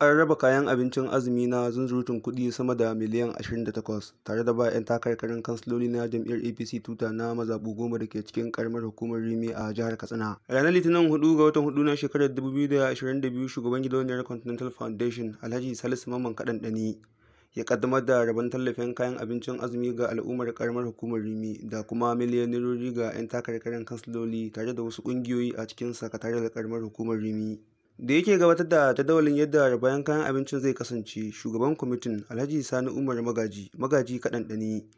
an raba kayan abincin azumi na zunzurutun kuɗi sama da miliyan 28 tare da ba 'yan takarkarin kansiloli na jam'iyyar apc tuta na mazabu goma da ke cikin karamar hukumar rimi a jihar katsina ranar litinin 4 ga watan 4 na shekarar 2022 shugaban gidauniyar continental foundation alhaji salisu mamman kaɗanɗani, dani ya kaddamar da rabon tallafin kayan abincin azumi ga al'ummar karamar hukumar rimi da kuma miliyanirori ga 'yan takarkarin kansiloli tare da wasu kungiyoyi a cikin sakatariyar karamar hukumar rimi da yake gabatar da jadawalin yadda bayan kayan abincin zai kasance shugaban kwamitin alhaji sani umar magaji magaji kaɗanɗani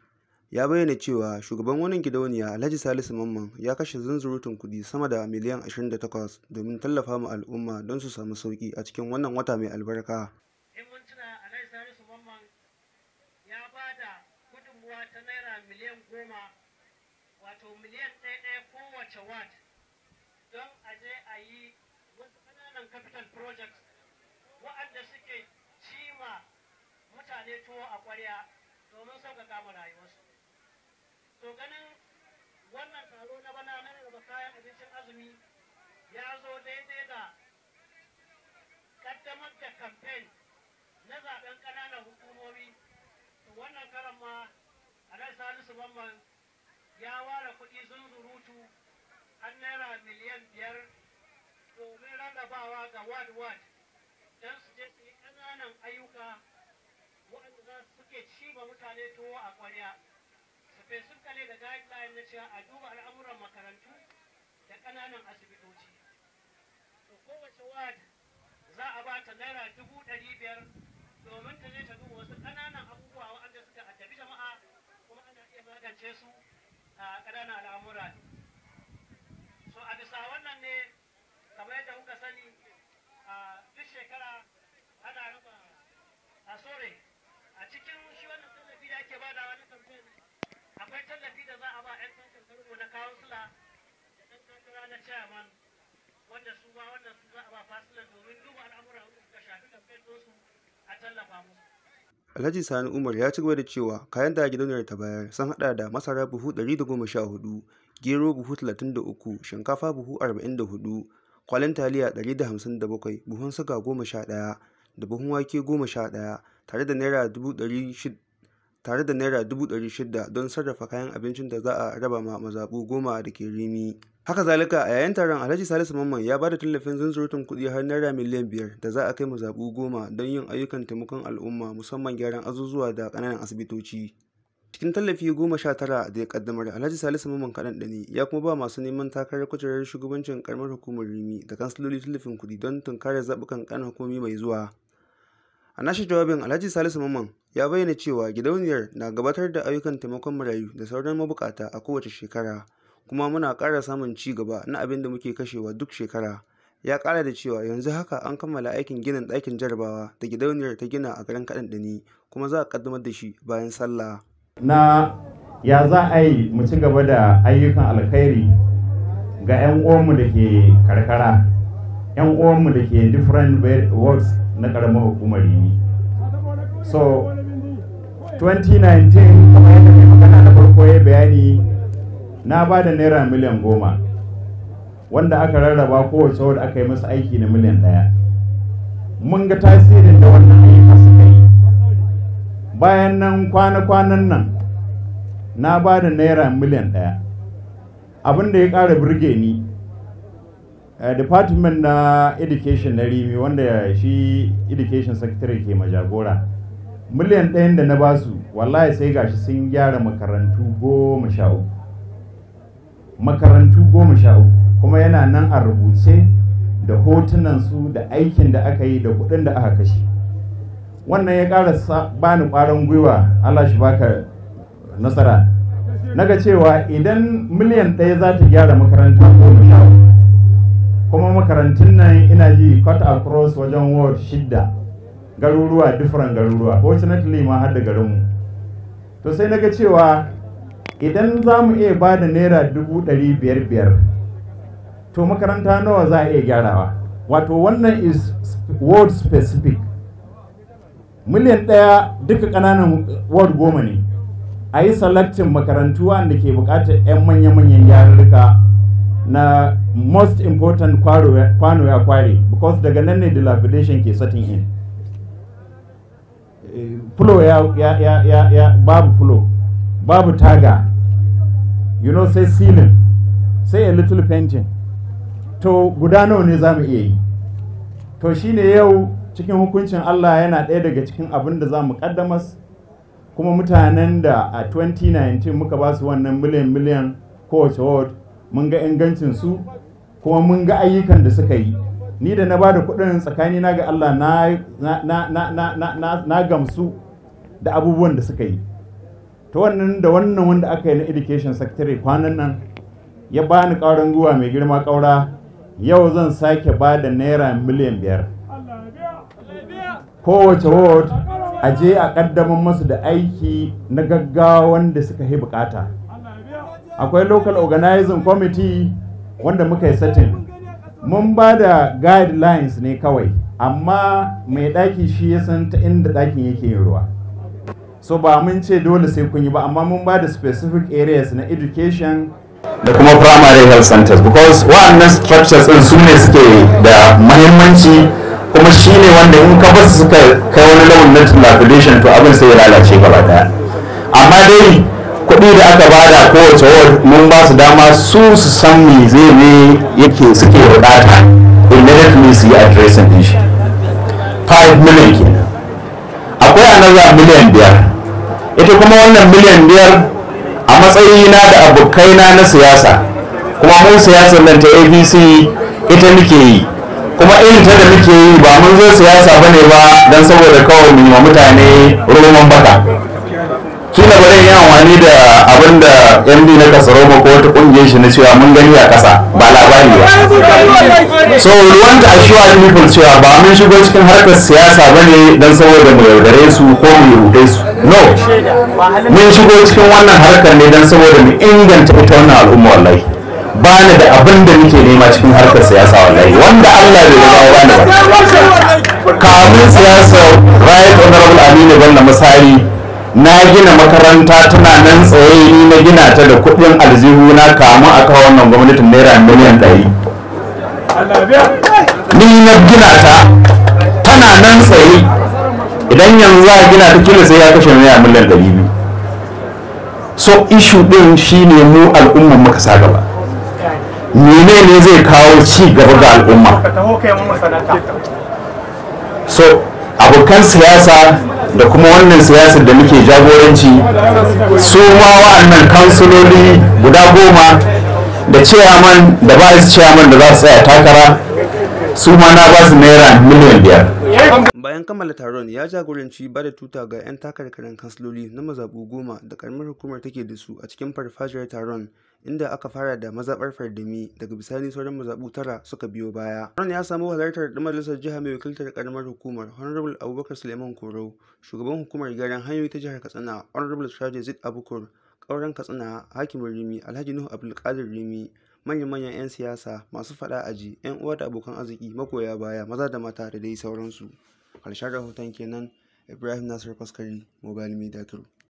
ya bayyana cewa shugaban wannan gidauniya alhaji salisu mamman ya kashe zunzurutun kuɗi sama da miliyan 28 domin tallafa ma al'umma don su samu sauki a cikin wannan wata mai albarka wato miliyan ɗaya ɗaya kowace wat don a je a yi wannan capital project wa'anda suke cima mutane tuwo a ƙwarya domin sauƙaƙa ma rayuwarsu to ganin wannan taro na bana na raba kayan abincin azumi ya zo daidai da ƙaddamar da kamfen na zaɓen ƙananan hukumomi to wannan karan ma a alhaji salisu bamban ya ware kuɗi zunzurutu an naira miliyan biyar domin rarrabawa ga ward ward don su je su yi ƙananan ayyuka waɗanda za su suke ci ba mutane tuwo a ƙwarya su fe sun kale da guideline na cewa a duba al'amuran makarantu da ƙananan asibitoci to kowace ward za a ba ta naira dubu ɗari biyar domin ta je ta duba wasu ƙananan abubuwa waɗanda suka addabi jama'a kuma ana iya magance su a ƙananan al'amura so a bisa wannan ne sani a duk shekara ana rufa a sore a cikin shi wannan tallafi da ake bada wani kamfen akwai tallafi da za a ba 'yan kankan na kawunsula da ɗan kankara na chairman wanda su ba wannan su za a ba fasilan domin duba al'amura wanda suka shafi kamfen ɗinsu a tallafa musu. Alhaji Sani Umar ya ci gaba da cewa kayan da gidauniyar ta bayar sun hada da masara buhu 114, gero buhu 33, shinkafa buhu 44, kwalin taliya 157 buhun suga 11 da buhun wake 11 tare da naira 600 tare da naira dubu ɗari shida don sarrafa kayan abincin da za a raba ma mazaɓu goma da ke rimi haka zalika a yayin taron alhaji salisu mamman ya ba da tallafin zunzurutun kuɗi har naira miliyan biyar da za a kai mazaɓu goma don yin ayyukan taimakon al'umma musamman gyaran azuzuwa da ƙananan asibitoci cikin tallafi goma sha tara da ya kaddamar alhaji salisu mamman kaɗan ɗani ya kuma ba masu neman takarar kujerar shugabancin karamar hukumar rimi da kansiloli tallafin kuɗi don tunkarar zaɓukan ƙanan hukumomi mai zuwa a nashi jawabin alhaji salisu mamman ya bayyana cewa gidauniyar na gabatar da ayyukan taimakon marayu da sauran mabukata a kowace shekara kuma muna ƙara samun ci gaba na abin da muke kashewa duk shekara ya ƙara da cewa yanzu haka an kammala aikin ginin ɗakin jarabawa da gidauniyar ta gina a garin kaɗan ɗani kuma za a ƙaddamar da shi bayan sallah na ya za a yi mu ci gaba da ayyukan alkhairi ga 'yan uwanmu da ke karkara 'yan uwanmu da ke different works na karamar hukumar yi so 2019 kamar yadda mai magana na farko ya bayani na ba da naira miliyan goma wanda aka rarraba kowace wadda aka yi masa aiki na miliyan ɗaya mun ga tasirin da wannan ayyuka suka yi bayan nan kwana-kwanan nan na ba da naira miliyan ɗaya abin da ya ƙara birge ni eh, department na education na rimi wanda shi education secretary ke majagora miliyan ɗayan da na basu wallahi sai gashi sun gyara makarantu goma sha makarantu goma sha kuma yana nan a rubuce da hotunansu da aikin da aka yi da kuɗin da aka kashe wannan ya ƙara bani ƙwarin gwiwa allah shi baka nasara na ga cewa idan miliyan ɗaya za ta gyara makaranta goma sha kuma makarantun nan ina ji cut across wajen ward shidda garuruwa different garuruwa fortunately ma har da garinmu to sai na ga cewa idan za mu iya ba da naira dubu ɗari biyar biyar to makaranta nawa za a iya gyarawa wato wannan is word specific miliyan ɗaya duka ƙananan ward goma ne a yi selectin makarantu wanda ke bukatar 'yan manya-manyan yarurruka na most important kwano ya kware because daga nan ne dilapidation ke setting in eh, fulo ya, babu fulo babu taga you know say ceiling sai a little painting to guda nawa ne za mu iya yi to shine yau cikin hukuncin Allah yana ɗaya daga cikin abin da za mu ƙaddamas kuma mutanen da a 2019 muka ba su wannan miliyan miliyan kowace ward mun ga ingancin su kuma mun ga ayyukan da suka yi ni da na ba da kuɗin tsakani na ga Allah na gamsu da abubuwan da suka yi ta wannan da wannan wanda aka yi na education secretary kwanan nan ya bani ƙaurin guwa mai girma ƙaura yau zan sake ba da naira miliyan biyar kowace ward a je a ƙaddamar masu da aiki na gaggawa wanda suka yi bukata akwai local organizing committee wanda muka yi satin mun ba da guidelines ne kawai amma mai daki shi ya san ta inda ɗakin yake yin ruwa so ba mun ce dole sai kun yi ba amma mun ba da specific areas na education da kuma primary health centers because wa'annan structures in su suke da mahimmanci kuma shi ne wanda in ka basu suka kai wani launin na dilapidation to abin sai ya lalace gaba daya amma dai kuɗi da aka bada kowace ward mun ba su dama su su san me zai ne yake suke bukata immediately su yi addressing din shi 5 million kenan akwai another miliyan biyar ita kuma wannan miliyan biyar a matsayina da abokaina na siyasa kuma mun siyasa nan ta abc ita muke yi kuma irin ta da muke yi ba mun zo siyasa bane ba don saboda kawai mu mutane roman baka kila bare yin amfani da abin da md na kasaroma ko wata kungiyar shi na cewa mun gani a kasa ba labari ba so we want to assure kun cewa ba mun shigo cikin harkar siyasa bane don saboda mu yaudare su ko mu yaudare su no mun shigo cikin wannan harkar ne don saboda mu inganta ita wannan al'umma wallahi bani da abin da nake nema cikin harkar siyasa wallahi wanda Allah bai zama ba ba kamin siyasa right honorable Aminu Bello misali na gina makaranta tana nan tsaye ni na gina ta da kuɗin aljihu na kamun a kawo wannan gwamnatin naira miliyan ɗari ni na gina ta tana nan tsaye idan yanzu a gina ta kila sai ya kashe naira miliyan ɗari biyu so issue ɗin shine mu al'umman muka sa gaba mene ne zai kawo ci gaba ga al'umma so abokan siyasa da kuma wannan siyasar da muke jagoranci su ma wa'annan kansuloli guda goma da ciyaman da ba su ciyaman da za su tsaya takara su ma na ba su naira miliyan biyar bayan kammala taron ya jagoranci ba da tuta ga 'yan takarkarin kansiloli na mazaɓu goma da karamar hukumar take da su a cikin farfajiyar taron inda aka fara da mazaɓar fardami daga bisani sauran mazaɓu tara suka biyo baya taron ya samu halartar da majalisar jiha mai wakiltar karamar hukumar honorable abubakar suleiman koro shugaban hukumar gyaran hanyoyi ta jihar katsina honorable shaje a abukur ƙauren katsina hakimin rimi alhaji nuhu abdulkadir rimi manya-manyan 'yan siyasa masu faɗa aji 'yan uwa da abokan arziki magoya baya maza da mata da dai sauransu ƙarshen rahoton kenan ibrahim nasir faskari mobile media crew